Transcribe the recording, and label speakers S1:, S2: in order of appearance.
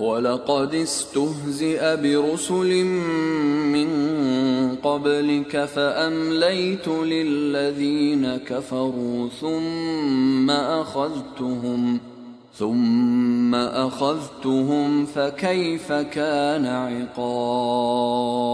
S1: ولقد استهزئ برسل من قبلك فامليت للذين كفروا ثم اخذتهم ثم اخذتهم فكيف كان عقاب